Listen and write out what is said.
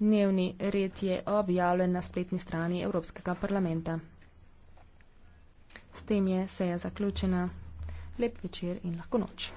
Dnevni red je objavljen na spletni strani Evropskega parlamenta. S tem je seja zaključena. Lep večer in lahko noč.